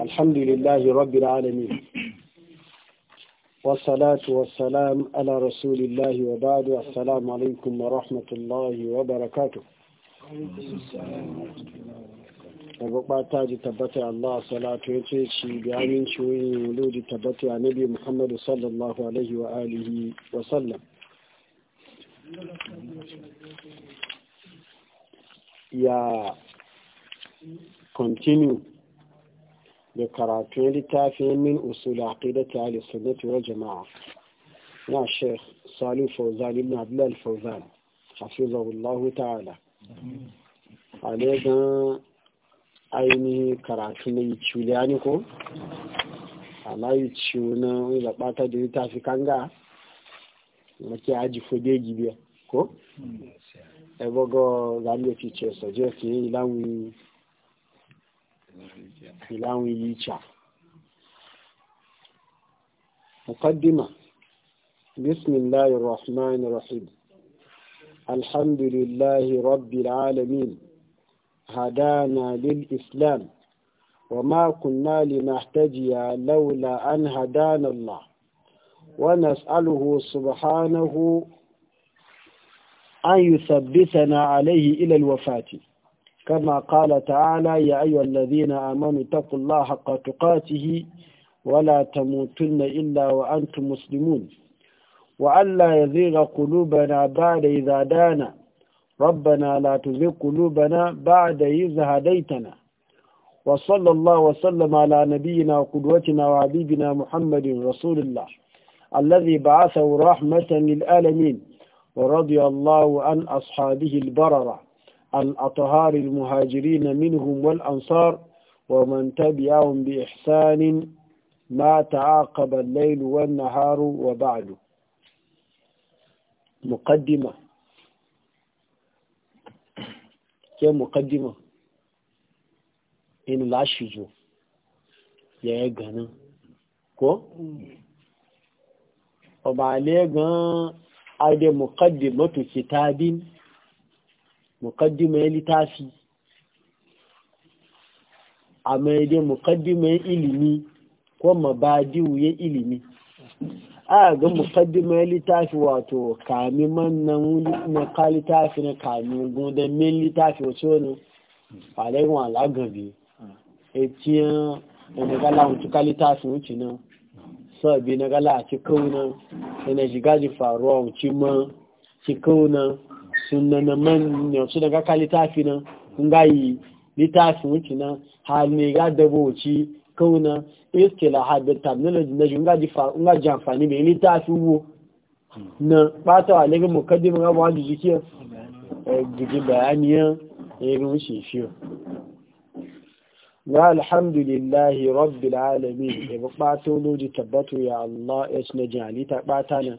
الحمد لله رب العالمين والصلاة والسلام على رسول الله وبعد السلام عليكم ورحمة الله وبركاته tabbata ji tabbata Allah salatu ya ce shi da aminci wurin wuludi tabbata a nabi Muhammadu sallallahu alaihi wa sallam ya continue da karatun littafin min usul ta ahli sunnati wal jama'a na sheikh salih fawzan ibn abdullah fawzan hafizahullahu ta'ala alegan ainihin karatu na yuculiyani ko ala yuciu na bata da littafi kanga maki aji fode gibiya ko hmm. ebogo zaliyo fice sojo ke ilawun filawo yicha مقدمة بسم الله الرحمن الرحيم الحمد لله رب العالمين هدانا للإسلام وما كنا لنحتجي لولا أن هدانا الله ونسأله سبحانه أن يثبتنا عليه إلى الوفاة كما قال تعالى يا أيها الذين آمنوا اتقوا الله حق تقاته ولا تموتن إلا وأنتم مسلمون وألا يزيغ قلوبنا بعد إذا دانا ربنا لا تزيغ قلوبنا بعد إذا هديتنا وصلى الله وسلم على نبينا وقدوتنا وعبيبنا محمد رسول الله الذي بعثه رحمة للآلمين ورضي الله عن أصحابه البررة الأطهار المهاجرين منهم والأنصار ومن تبعهم بإحسان ما تعاقب الليل والنهار وبعد مقدمة كم مقدمة إن العشجو يا يغنا كو وبعليه غن أدي مقدمة كتابين mukaddima ya littafi a mai dai mukaddima ya ilimi ko mabadiu ya ilimi a ga mukaddima ya littafi wato kami mannan na ka littafi na kami gudan min littafi wato ne da gala wuce ka littafi wuce nan sabi na gala a cikin e nan yana shiga ji faruwa wuce ma cikin nan sunna na man ne su daga ka littafi nan kun gayi littafi wuce nan hali ga daboci kauna istila habit terminology na jun gaji fa un gaji amfani bai littafi wo na bata wa lagin mukaddim ga ba da jike eh, jike bayaniya ya eh, ga wuce shi na alhamdulillahi rabbil alamin ya ba bato loji tabbatu ya Allah ya ci na jali ta bata nan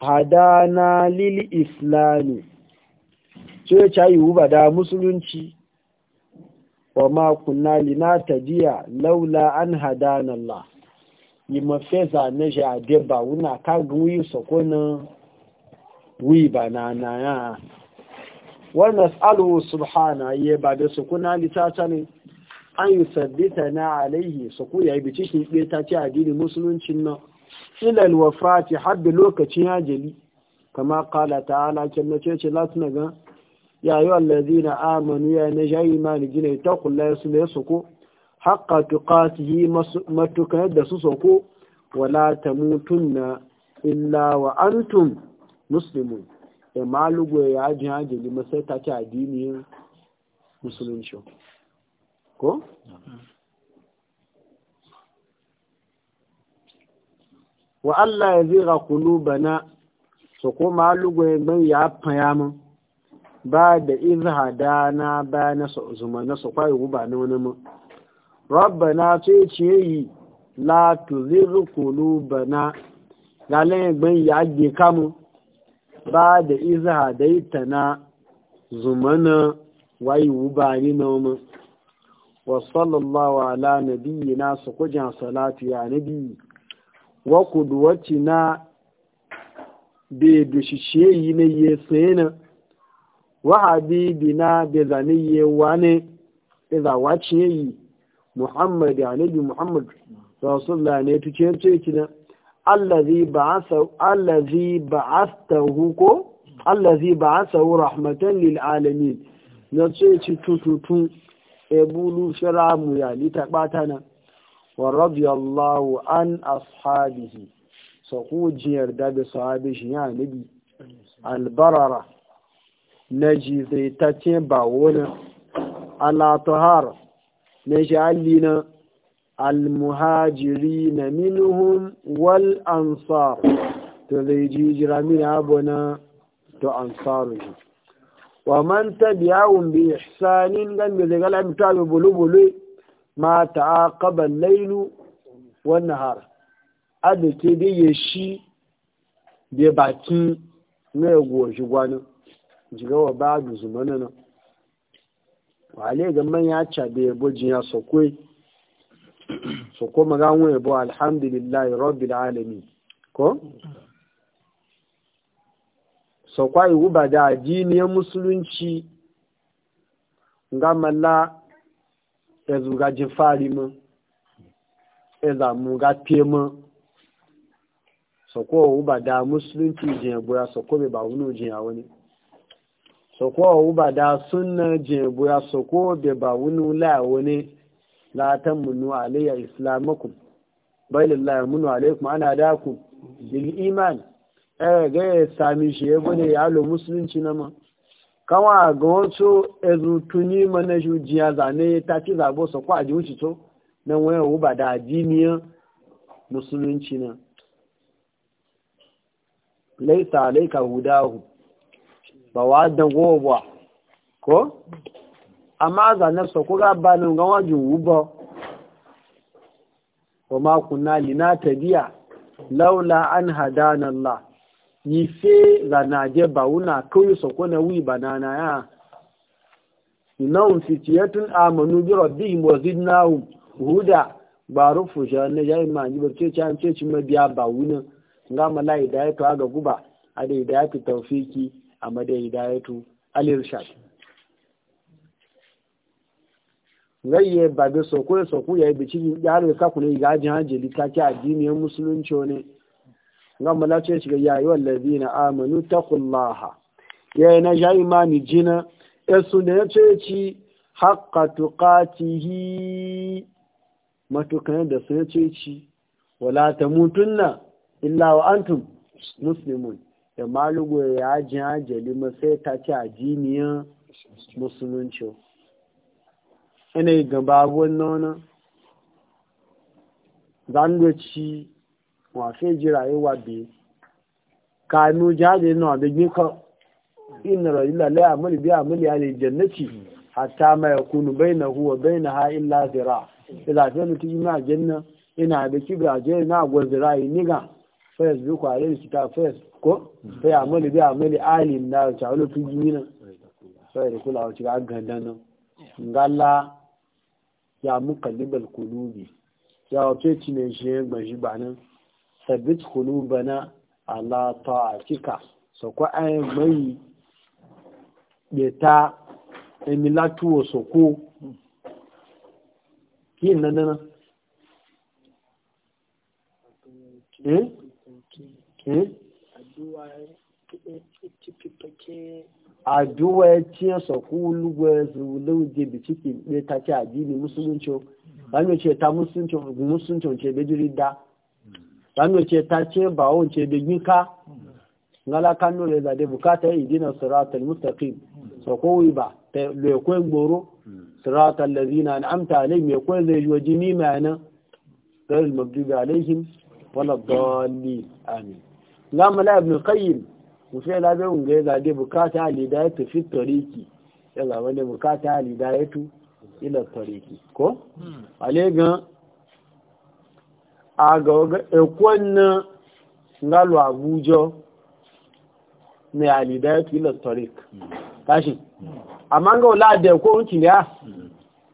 hadana lili islami ce ya yi huba da musulunci wa ma kunna lina tadiya laula an hadana Allah yi mafeza na jade ba wuna ka wuyi sakonin wuyi ba na na ya wannan tsalo subhana yi ba da sakuna litata ne an yi sabbita na alaihi saku ya yi bici shi ɗaya ta ce addinin musuluncin nan ilal wafati har da lokacin yajali kama kala ta'ala kyan na ce ce latin gan ya yi allazi na amanu ya na sha imani gina ta kula su ne soko haƙa su yi matuka da su soko wala ta mutun na illa wa antum musulmi ya malugo ya ajin hajjali masai ta ci musulunci ko? wa Allah ya zira kulubana su ko malugo ya ya faya ba da izha dana ba na zuma na su kwaye ba na wani mu rabbana ce ce yi la tuzir qulubana lalan gban ya ge kamu ba da izha na. zumana wayi ba ni na mu wa sallallahu ala na su kujan salatu ya nabi wa kudwatina be dushishe yi na yesena wa habibina bi zaniyye wani idza wace yi muhammad annabi muhammad rasulullah ne tuke ce ki na ba'asa allazi ba ko allazi ba'asahu rahmatan lil alamin na ce ci tututu ebulu shiramu ya li ta bata nan wa radiyallahu an ashabihi so ku jiyar da bi sahabi shi ya nabi albarara na ji zai ta ce ba wani alatuhar na shi allina almuhajiri na minuhun wal ansar to zai ji jira mini abu na to ansaru wa man tabiyawun bi ihsanin gan zai gala abu bulubulu ma a kaban lailu wani har adake da yashi da bakin ya goshi gwanin wa ba da zumana nan wale ga manya cabe yabo jiya sokwe sokwe maganwe yabo alhamdulillah rabbil alamin ko sokwa iwu ba da ajiniyar musulunci ga malla ya zuga jin fari mu ya zamu ga fiye mu sokwa iwu ba da musulunci jiya bura sokwa bai ba wani jiya wani soko ba da suna jebu ya soko da ba wani a wani latan munu alayya islamakun bai lillahi munu alaikum ana daku ku bil iman eh ga ya sami shi ya gode ya lo musulunci na ma kawa ga wasu ezutuni mana jiya zane ta ci zabo su a ji wuce to nan waya wuba da jiniya musulunci na laisa alaika hudahu ba wa da gowa ko amma za na so ko ga ba ga wajin wubo wa ma kunna lina tabiya laula an hadana Allah ni fi za na je ba una kawai so ko na wi banana ya innahum fitiyatun amanu bi rabbihim wa zidnahum huda ba rufu sha ne yayi ma ni bace ci an ce ci mabiya ba wuna ga malai da ya to aga guba a da ya ta tawfiki amma da hidayatu Zai zai yi ba da soko ya soku ya yi bici ya da ka kula ga addini hanjeli ta addinin musulunci ne ga malace shiga ya yi wallazina amanu kullaha ya na ja ni jina Ya suna ya ce ci haqqa tuqatihi matukan da ya ce ci wala mutunna illa wa antum muslimun da malugo ya aji ajali masai ta ci ajiniyar musulunci yanayi gaba abuwan nona zandoci wafe ji rayuwa biyu kanu jihadi na da gika inna rajula la ya'malu bi amali ahli jannati hatta ma yakunu bainahu wa bainaha illa zira idza kana tu ima janna ina da kibra je na gwan yi niga fa yasbiqu alayhi kitab fayas. ko a yi amali bi amali alin na ta wani tun jini nan sai da kula wace ga ganda nan ngala ya mu kallibal kulubi ya wace ci ne shi ya gbashi ba nan sabit kulubana ala ta'atika so ko ai mai beta emilatuwo soko yin nan nan eh eh addu'a ya ce sa ku lugwar zulun je bi ciki ne ta ce addini musulunci ranar ce ta musulunci musulunci ce da jirida ranar ce ta ce ba wance da yinka ngala kanu da zade bukata ya idina siratul mustaqim sa ko ba le ko gboro siratul ladina an'amta alaihim ya ko zai waji ni mana dal mabdubi alaihim wala dallin amin na mala ibn qayyim musa la da unga ga de bukata ali da ta fi tariki ya zama wani bukata ali da ya tu ila tariki ko hmm. ale ga a ga ga ekwan nga lo abujo ne ali da ya tu ila tariki kashi hmm. hmm. amma ga wala da ko unci ya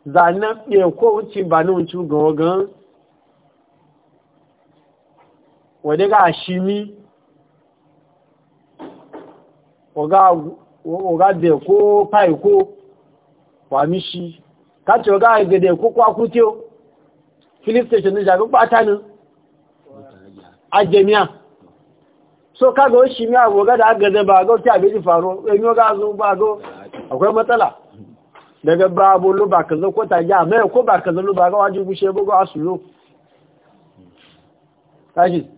zanan ɗe ko unci ba ni unci ga wagan wadda ga shimi oga de ko pai ko kwamishi kace oga gade ko kwakutiyo filip station ni jabi pata ni ajemiya so kaga oshi mi agoga da agade ba ga ti abiji faro enyo ga zo ba go akwai matsala daga babu lu ba kaza ko ta ja mai ko ba kaza lu ba ga wajibu she bugo asulu kashi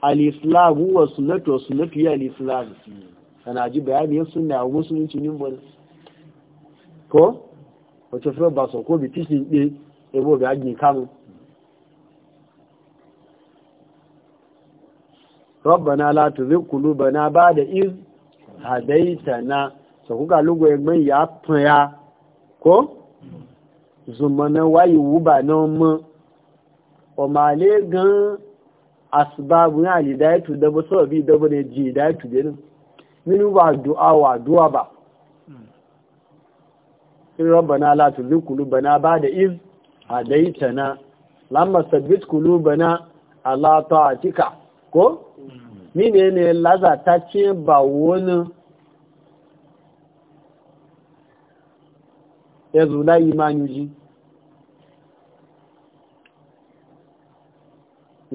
al-islam huwa sunnatu wa sunnatu ya al-islam kana ji bayani yin sunna wa musulunci nin bon ko wato fa ba so ko bi tishin de ebo ga ajin kanu rabbana la tuzigh qulubana ba'da iz hadaitana so kuga lugo egben ya pon ya ko zumana wayi wuba na mo o ma le gan asibabu ya alidayatu da ba sababi da ba ne ji dayatu da nan minu ba du'a wa du'a ba in rabbana la tuzigh ba ba'da iz hadaytana lamma sabbit qulubana a cika ko mm. mine ne laza ta ce ba wani ya zula imanu ji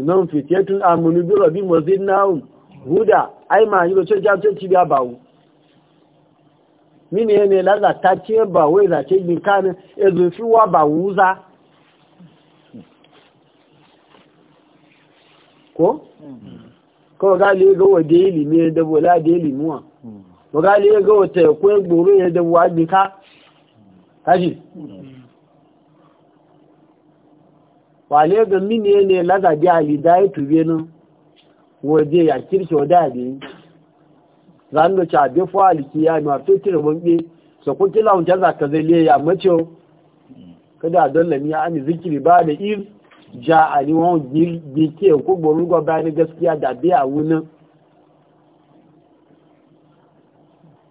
nan fitiyatun amunu bi rabi mazid nahum huda ai ma yi bace ja ci biya bawo mini ne la ta ce ba wai e za ce bi kan e zo fi wa ba wuza ko ko ga le ga wa daily ne da bola daily muwa ko ga le ga wa ta ko gboro ya da wa bi ka kashi wale ga mini ne laza bi alida ya tube nan waje ya kirki wa dade zan da cha bi aliki ya ma to tire bonbe so kun kila unta za ya kada dalla mi ani zikiri ba da ir ja ali won bi ke ko gboru go ba ni gaskiya da bi a wuna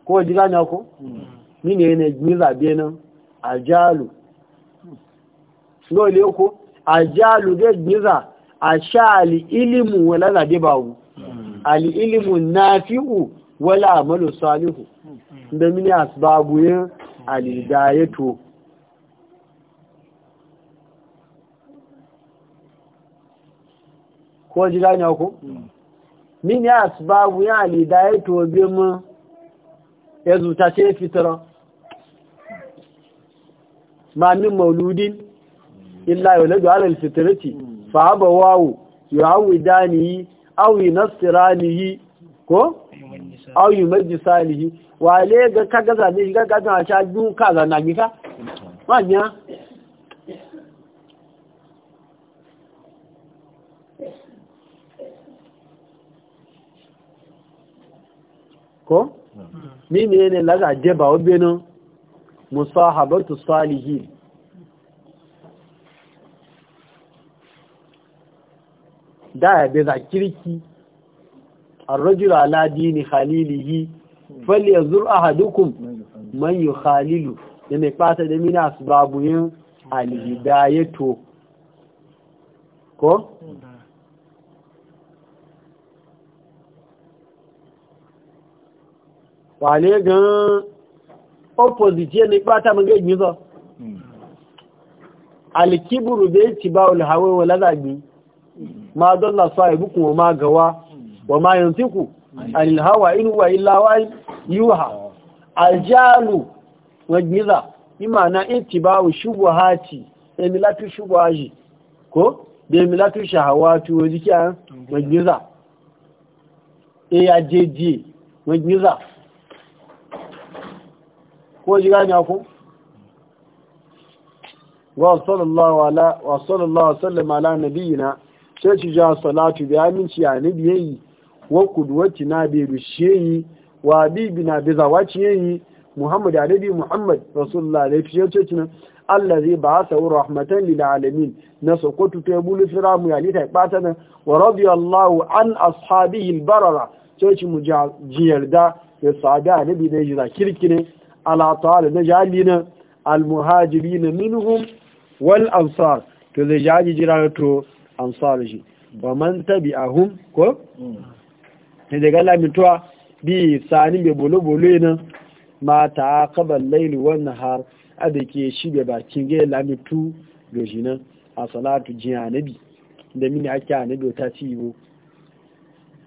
ko diga na ko mini ne gmiza bi nan ajalu lo le ko ajalu da giza a sha al'ilimu wala zaɓe bawu al'ilimu na fi'u wala amalu salihu da mini asbabu yin alidayato ko ji gani ku? mini asbabu yin alidayato bi mu ya zuta ce fitara ma min mauludin illa yuladu alal alfitrati hmm. fa yau abawahu yi aw yunasiranihi ko aw wa wale ga gaza ne ga gaza a sha duka zana mika wanya ko mimi ne ne laga jeba obenu musahabatu salihin da ya beza kirki dini khalilihi دين yanzur ahadukum man yukhalilu يخالله yana kpata da mina asbabu yin alhidayato ko? wale gan opposite yana kpata mun gajin zo hmm. alkiburu bai ci ba ulhawe wa lazabi ma dalla sahibukum wa ma gawa wa ma yantiku anil hawa in huwa illa wahy yuha aljalu wajniza imana ittiba'u shubuhati emilatu shubuhaji ko da emilatu shahawatu wajiya wajniza e ajeje wajniza ko jiganya ku wa sallallahu ala wa sallallahu sallama ala nabiyina sai ci ja salatu bi aminci ya ni biyayi wa kudwati na bi rushiyi wa bibi na bi zawaci yayi muhammad ya nabi muhammad rasulullah da fiye ce cinan allazi ba sa rahmatan lil alamin na sokoto ta bulu firamu ya ni ta bata nan wa radiyallahu an ashabihi albarara barara sai ci mu ja ya sada nabi da jira kirkine ala ta'ala na jalina al muhajirin minhum wal ansar to da jaji jira to ansar wa man tabi'ahum ko ne daga lamituwa bi sani be bolo-bolo nan ma ta qabal laili wa nahar adake shi be bakin gaya lamitu da shi nan a salatu jinanabi anabi da mini ake anabi ta ci yiwu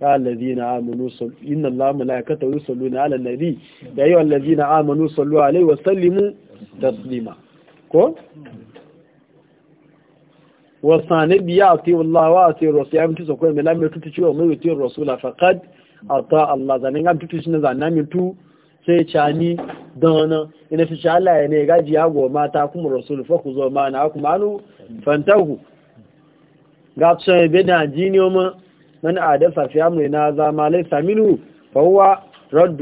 alladhina amanu صلوا إن الله ملائكته يصلون على النبي يا أيها الذين آمنوا صلوا عليه وسلموا تسليما wasane biya a tewa Allah wa a tewa rasu ya mutu sakwai mai lamin tutu cewa mai wuce rasula faƙad a ta Allah zanen ya tutu shi na zanen tu sai cani dana ina fi Allah ya ne gaji ya goma ta kuma rasul fa ku zo mana ku malu fantahu ga tsaye be da jini ma man adafa fi amrina za ma laysa saminu fa huwa radd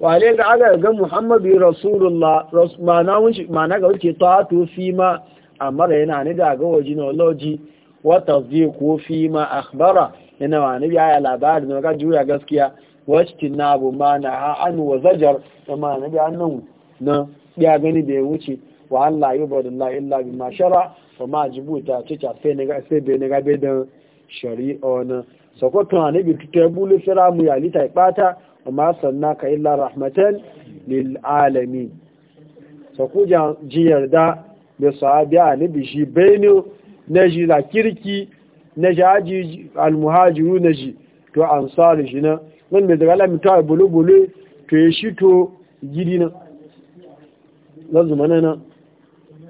wa alayka aga ga muhammadu rasulullah rasul ma na wuce ma na ga wuce ta to fi ma amara yana ni daga waje na wata zai ko fi ma akhbara yana wa ni ya labari na ga juya gaskiya wacce na abu ma na ha an wa zajar da ma na biya nan na ya gani da ya wuce wa Allah ya bada Allah illa bi ma shara wa ma jibuta ce ta sai ne sai bai ne ga bai shari'a na sakwatun anabi tutabulu sira mu ya lita ipata amma sannaka illa rahmatan lil alamin sakuja ji yarda da sahabi a nabi shi bainu na shi la kirki na shi haji almuhajiru na shi. to an ansari shi na wani mai daga alamu a bulubulu to ya shi to gidi na lazu zuma na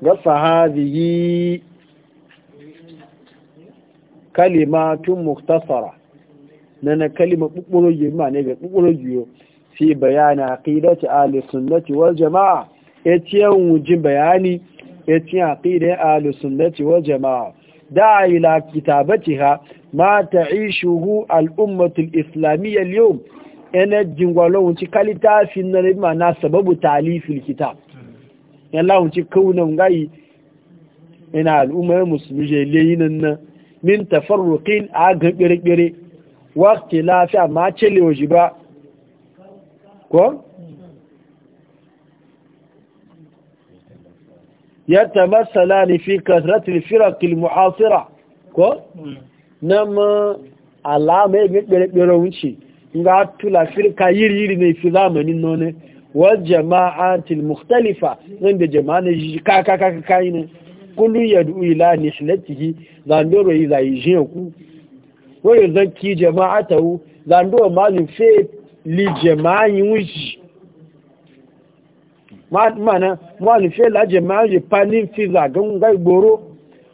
ga sahabi kalimatun muktasara na na kalima ɓuɓɓuro yi ma ne ga ɓuɓɓuro yiwu fi bayana aqidati ahli sunnati wal jama'a Ya e etiyan wujin bayani ya ci aqida ahlus sunnati wa jamaa da ila mata ma ta yi ummatu al'ummatul islamiyya al yawm yana jingwalo ci kalita fin na rima na sababu kita kitab yalla ci kaunan gai ina al'ummar musulmi je leyinan nan min tafarrukin a ga kire lafiya ma ce lewaji ba ko yatamassala ni fi kasratil firaq al muhasira ko nam alama ya gbere wuce ga tula firka yiri yiri ne fi zamanin none wal jama'atil mukhtalifa inda jama'a ne ka ka ka kai ne kullu yad'u ila nihlatihi zandoro yi zai je ku wa yuzakki jama'atahu zandoro malin fe li jama'i wuce ma'ana mu'alife laje ma'aje panin fiza gan gai goro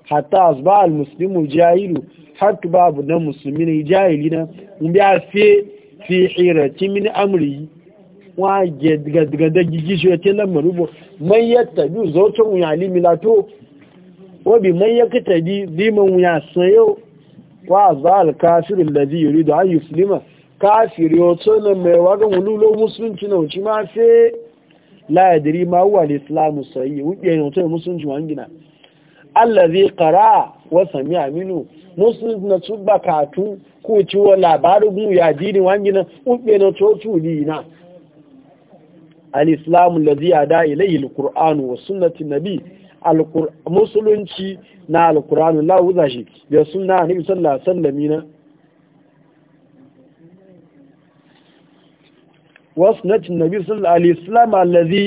hatta asba al muslimu jahilu har tu babu na musulmi ne jahili na in biya fi fi hirati min amri wa ge daga daga da gigi shi yake nan marubo man yatta bi zauto mu ya milato wa bi man yakta bi liman ya sayo wa zal kafir alladhi yuridu an yuslima kafir yo tsona mai waga mululo musulunci na wuce ma sai la'adiri ma wa al islamu as-sahih ne to musulunci wangina allazi qara wa sami'a Aminu. Musulunci na tuba katu ko ciwo labarin mu ya dini wangina wuɗe ne to tulina al-islam allazi ada ilayhi al wa sunnati nabi musulunci na al-qur'an la wuzashi da sunna nabi sallallahu alaihi wasallam وصنة النبي صلى الله عليه وسلم الذي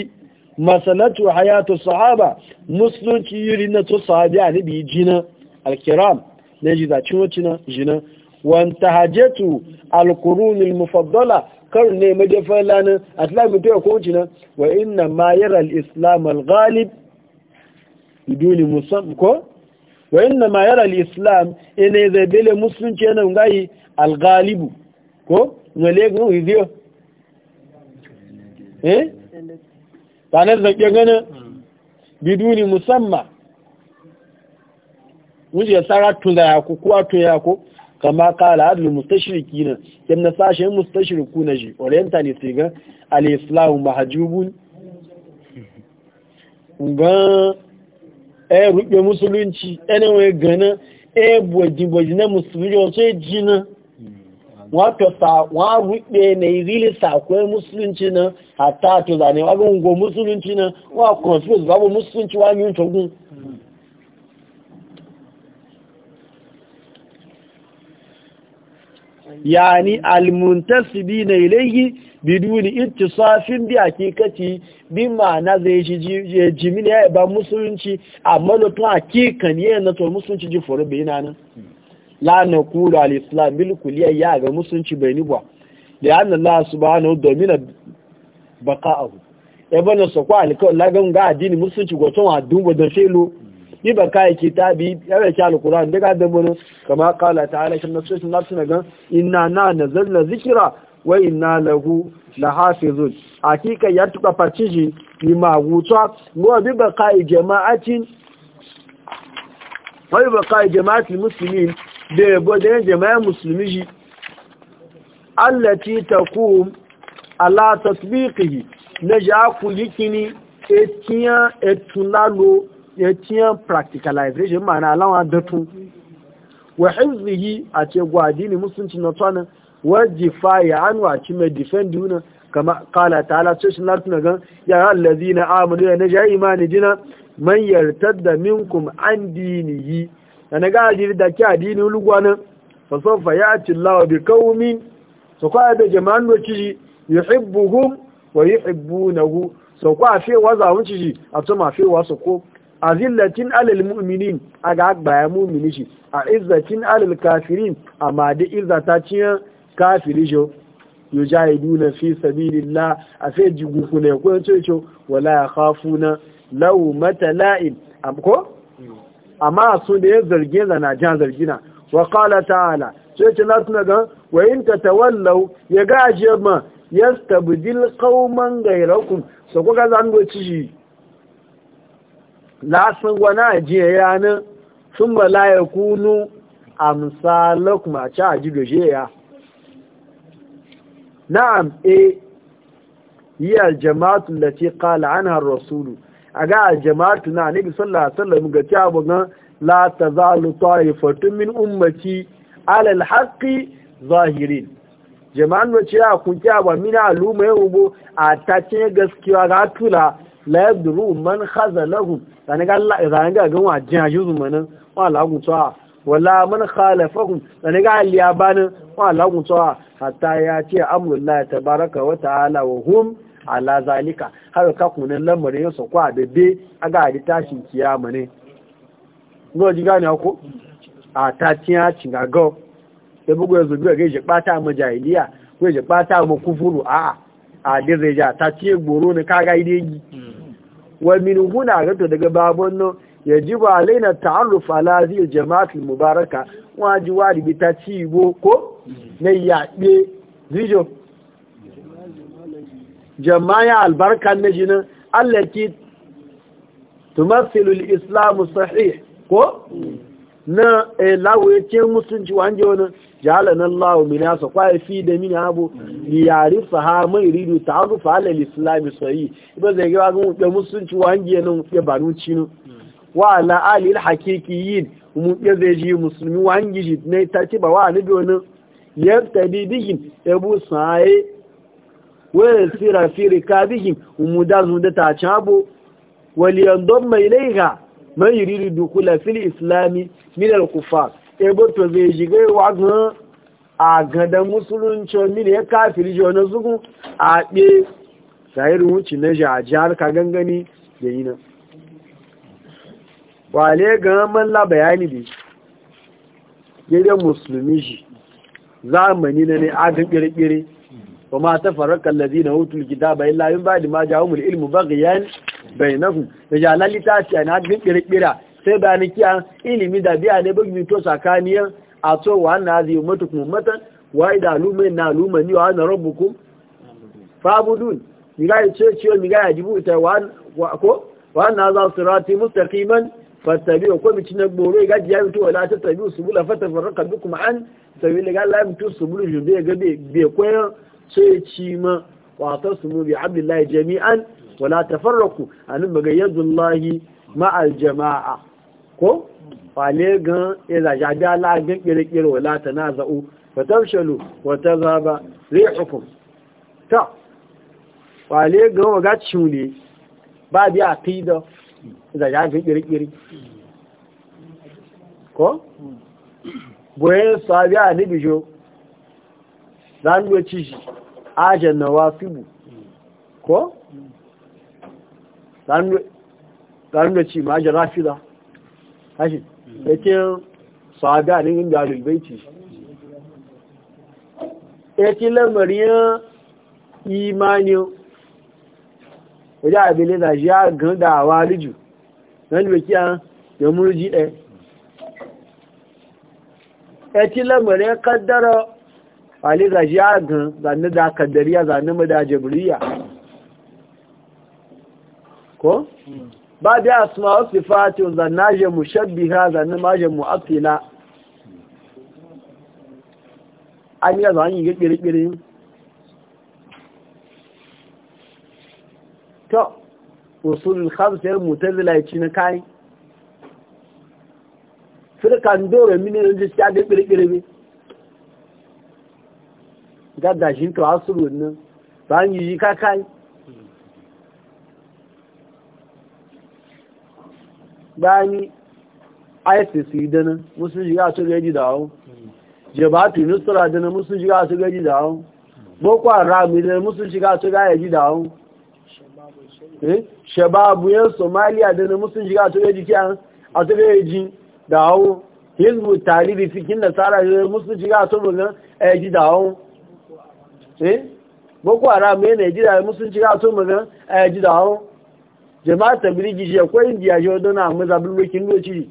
مسألة حياة الصحابة مسلم يرينا تصحابي يعني بيجينا الكرام نجد أتشوتنا جنا وانتهجته القرون المفضلة قرن مجفلان أسلام تيكونتنا وإنما يرى الإسلام الغالب بدون مسمكو وإنما يرى الإسلام إن إذا بيلي مسلم تينا نغاي الغالب كو نوليك نغيزيو eh tanar zaƙe gani biduni musamman wuce tsara da yaku kuwa tuna yaku kama kala adal mustashiriki na yadda sashen mustashiriku na ne orientalist ga al'islamu mahajubun gan e ruɓe musulunci ɗanawai gana e bwaji-bwaji na musulunci wace jina. wato sa wa ruɓe na irili sakwai musulunci na atatu zani zane wa gungo na nan wa confuse babu musulunci wa mi to yaani yani almuntasibi na ilayhi biduni ittisafin bi hakikati bi ma'ana zai shi jimini ya ba musulunci amma lotun hakikan yana to musulunci ji foro bayina nan la na al al’islam bil kulliya ya ga musulunci bai ni ba da anna Allah subhanahu domina baqa'ahu e bana so ko alkawal la gan ga addini musulunci goton wa dubo da shelo Ni ba kai kitabi ya ba shi alquran daga da mun kama qala ta'ala kin nasu na nasu ga inna na nazalna zikra wa inna lahu lahafizun hakika ya tuka farciji ni maguta go bi ba kai jama'atin wa bi ba kai jama'atul muslimin da yabo da jama'a musulmi shi allati taqum ala tatbiqihi naja kulikini etiyan etulalo etiyan practicalization ma'ana alawa datu wa hizbihi a ce gwadini musulci na tsanan wajifa ya anu a ci mai defend yuna kama kala ta'ala sai shi latin gan ya allazina amanu ya naja imani jina man minkum an na ga ajiri da ke adini lugwanin fasofa ya ci lawa bi kawumin su kwaya da jama'an doki yi hibbuhum wa yi hibbunahu su kwaya fewa zaun ciji a tuma fewa su ko a zillatin alal mu'minin a ga agbaya mu'mini shi a izzatin alal kafirin a ma da izzata ciyan kafiri jo duna fi sabilillah a sai jigufu ne ko ce ce wala ya khafuna law matala'in ko amma su da ya zarge zana ja zargina wa qala ta'ala sai ce na tuna ga wa in tawallau ya gaje ma yastabdil qauman ghayrakum so ko ga zan goci shi la san wana je yana sun la yakunu amsalakum a a ji doje ya na'am eh hiya al-jama'atu allati qala anha ar-rasulu a ga jama'atu na nabi sallallahu alaihi wasallam ga cewa bugan la tazalu ta'ifatun min ummati ala alhaqi zahirin jama'an wace a kun kya ba mina aluma ya ubo a ce gaskiya ga tula la yadru man khazalahu dan ga Allah dan ga gan wajen ajuzu zumana wa lagun tsawa wala man khalafahum dan ga aliya banin wa lagun tsawa hatta ya ce amrullahi tabaraka wa ta'ala wa hum ala zalika har ka kunan lamarin yasa kwa bebe a ga tashin kiyama ne ngo ji ya ko a ta tiya cinga go da bugu yanzu biya ga je bata mu jahiliya ko je bata mu kufuru a a a dire ja ta tiye goro ne kaga yi wa min huna ga to daga babon no yajibu alaina ta'arruf ala hadhihi jama'at al-mubaraka bi ta cibo ko mm. ne yaɓe video jama'a albarka na jinin Allah tumassilu al-islam sahih ko na lawayacin musulunci wanje wani jahalan lawo min yasa kwaye fi da mini abu liyari saha mai rido ta haru fahalar islami sayi iba zai gaba gan mutu musulunci wanje nan ya banu cinu wa ala alil hakiki mu wuɗe zai ji musulmi wanje ji na ta ci ba wa ni bi wani yadda bibihin ebu saye wayan sira fi rikabihim umuda zunda ta cabo waliyan domma ilaiha man yuridu dukula fil islami min al kufar e boto zai jiga wa ga a gada musulunci min ya kafiri jo na zugu a be sayir wuci na jajjar ka gangani da yina wale ga man la bayani bi gidan musulmi shi zamani na ne a ga kirkire وما تفرق الذين اوتوا الكتاب الا من بعد ما جاءهم a بغيا بينهم رجال لتاسي انا بين قرقره sai bayan kiya ilimi da biya ne bugu to sakaniya a to wa na zai umatu kuma mata wa ida lume na lume ni wa na rabbukum ni ce ni wa wa na za sirati ko mi cinna gboro ga ji to wala ta tabi'u subula fatafarraqa bikum an tabi'u ga la mi subulu jube ga be be koyan ce ci ma wato su mubi abdullahi jami'an wala tafarraku anin baga yadullahi ma'al jama'a ko fale gan iza jabi ala gan kirkir wala za'u wa tafshalu wa tazaba rihukum ta fale gan waga cune ba bi aqida iza jabi kirkir ko boye sabi anibijo dan go ci shi ajan nawasibu ko tsarin da ci ma ajan rafida hashi yake saga ne inda alulbaiti yake lamarin imani wajen abin da shi ya ganda wa riju wani baki a da murji ɗaya yake lamarin kaddara ali za shi yagan zane da kaddariya zane mu da jibriya ko ba da asma'u sifatu zanna je mushabbiha zanna ma je afila. an yi zan yi kirkiri to usulul khamsar mutazila yace na kai firkan dore mini da ta da kirkiri gada shi to asuru nan ba yi yi kakai bani isis yi dana musu shiga su gaji da hau jabatu nusra dana musu shiga su gaji da hau boko haram dana musu shiga su gaji da hau eh? shababu yan somaliya dana musu shiga su gaji kiyan a su gaji da hau hizbu talibi fikin da tsara musu shiga su gaji da hau eh boko haram ne Najeriya musulunci ga so mu ga a ji da hawo jama'a tabiriji je ko indiya je don na mu zabul wakin doci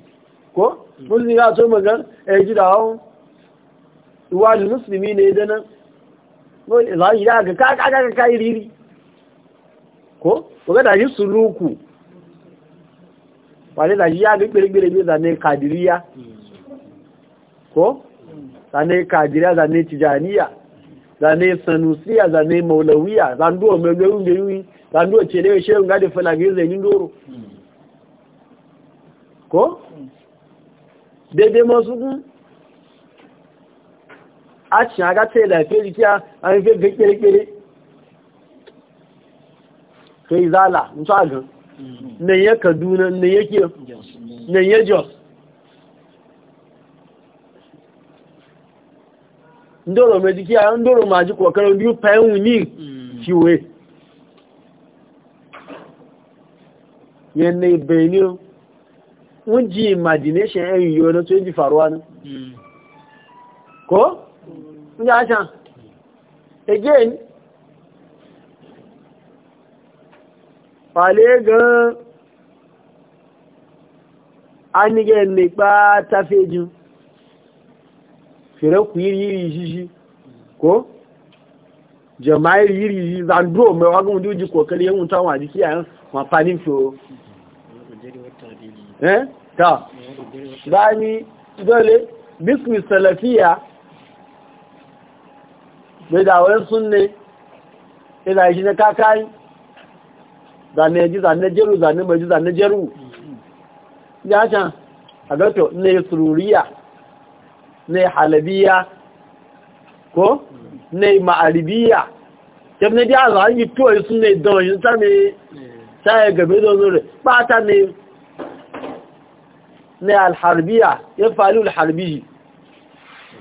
ko musulunci ga so mu ga a ji da hawo wani musulmi ne dana ko za yi da ga ka ka ka ka iri ko ko ga da yi suluku wale da yi ya ga gbere-gbere ne zane kadiriya ko zane kadiriya zane tijaniya zane sanusiya zane maulawiya zanduwa mai gaiwun da yiwu zanduwa ce da shehun gadi falage zainin doro ko? daidai masu kun a cikin aga ta yi lafiya rikiya a yi fi kere-kere yi zala nsu agan mm-hmm. nan ya kaduna nan ya kiyo nan ya jos ndoro medikia ndoro maji kokarin biyu fayin wuni kiwe mm. yanayi benin wunji imagination yan yiwu na to yi faruwa ne ko? ndi a can again fale gan anige nipa tafejin firan ku yiri yiri jiji ko jama'ir yiri yiri zando mai wagon wanda uji kokari yan wuta wa jiki yayin mafanin fiyo eh ta gani dole bismi salafiya mai dawon sunne ina yi na kakai zane ji zane jeru zane mai ji zane jeru ya can a gato ne sururiya na halabiya ko na ma'aribiya yadda na biya za a yi tuwa sun ne don yin ta ne ta yi gabe don zure ba ta ne na alharbiya ya faru alharbiyi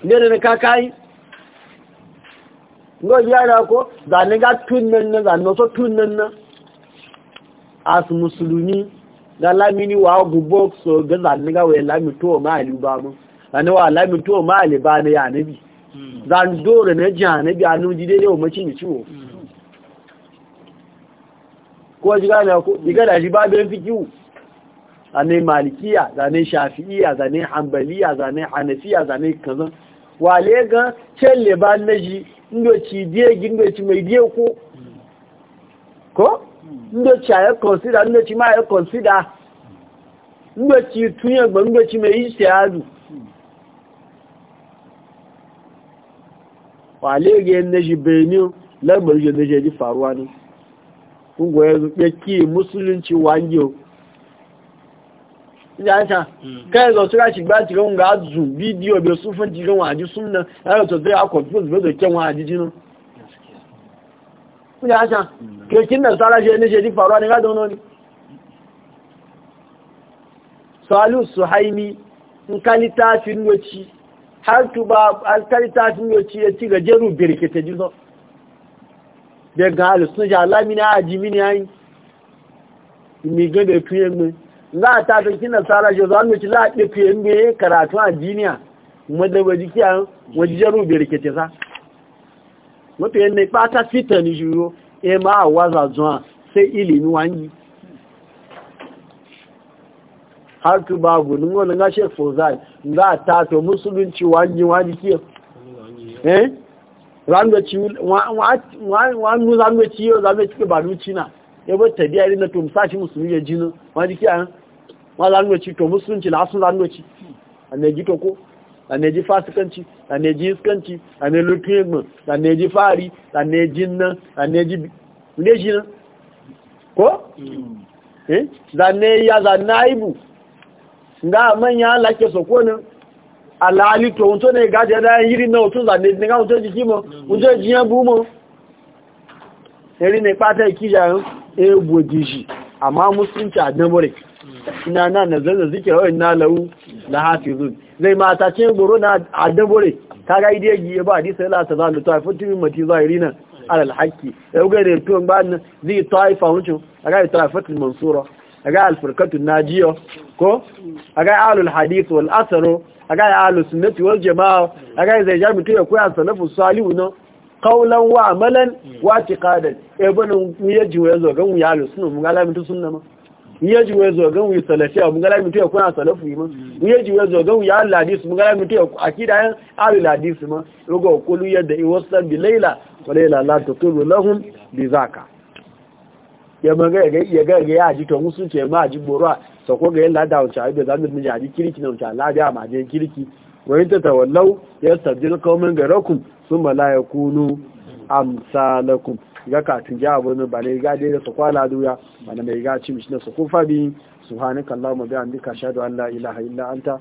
ne da na kakai ngoji yana ko zane ga tunan na zane wasu tunan na as musulmi ga lamini wa gubo so ga zane ga wai lami to ma alibamu ana wa alamin to ma aliba na ya nabi zan dore na ji nabi a nuji dai yau mace ni ciwo ko ji gane ko diga da shi babin fikihu zane malikiya zane shafi'iya zane hanbaliya zane hanafiya zane kaza wale ga celle ba naji ndo ci die gindo ci mai die ko ko ndo a ya consider ndo ci ma ya konsida ndo ci tunya gba ndo yi mai istihadu Wa ga yin na shi benin lamarin shi na shi ji faruwa ne kungo ya zuɓe ki musulunci wangiyo ya ta hmm. kai zo suka shiga cikin ga azu bidiyo bai sufan cikin waji sunna ya to zai a confuse bai zoken waji jino ya ta hmm. kai kin da sara shi ne shi ji faruwa ne ga dono ne salu suhaimi in kalita fin wuci har tuba alkarita sun yi ci ya ci gajeru birkita jizo daga halittun ja lamina a jimini yayi imigan da fiye mu za a tafi kina tsara shi zuwa mace za a ɗi fiye mu karatu a jiniya wadda waje kiya waje jaru birkita sa mafi yadda ba ta fita ni juyo e ma a waza zuwa sai ilimi wani har tu babu nun wani nga shek fozai nga ta to musulunci wani wani kiyo eh ranga ci wani mu ci yau zanga ci ba nuci na ya bai tabiya irin na to musashi musulmi ya jino wani kiyo ma eh? zanga ci to musulunci na sun zanga ci a ne ji ko a ne ji fasikanci a ne ji iskanci a ne lukin a ne ji fari a ne ji nan a ne ji ne ji nan ko? Mm. eh zane ya zanaibu nga manya lake sokonin alali to unto ne gaje da yiri na otu za ne nga to jiki mo unto jiyan bu mo eri ne pata ikija e, e bodiji amma musulunci adnabore ina na nazarda zikira wa ina na hafi zuwa zai ta ce goro na ta ga idai giye ba hadisi la ta zalu ta fi tumi mati zahirina alal haqqi ya ga ne to ba na zai taifa wucin kaga taifatul mansura ga e alfarkatun najiyar ko aga alul hadith wal athar aga alul sunnati wal jamaa aga zai jami mutu ya koya salafu salihu no qawlan wa amalan wa tiqadan e bana mu ya jiwa zo ga mu ya alul sunna mu galami la mutu sunna ma mu ya jiwa zo ga mu salafiya mu ga la mutu ya koya salafu ma mu ya jiwa zo ga mu ya alul hadith mu galami la mutu ya akida alul hadith ma rugo kulu yadda iwasan bi layla wa layla la tuqiru lahum bi zakah ya manga ya ga ya aji to musun ce ma ji boro sa ko ga yalla da wuce ai da zamu mun aji kirki na wuce Allah da ma je kirki wa in tatawallau yastabdil qauman ghayrakum laye kunu yakunu amsalakum ga ka tun ja abun ba ne ga dai da su kwala duya mai ga ci mishi na su kufa bi subhanakallahumma bihamdika ashhadu an la ilaha illa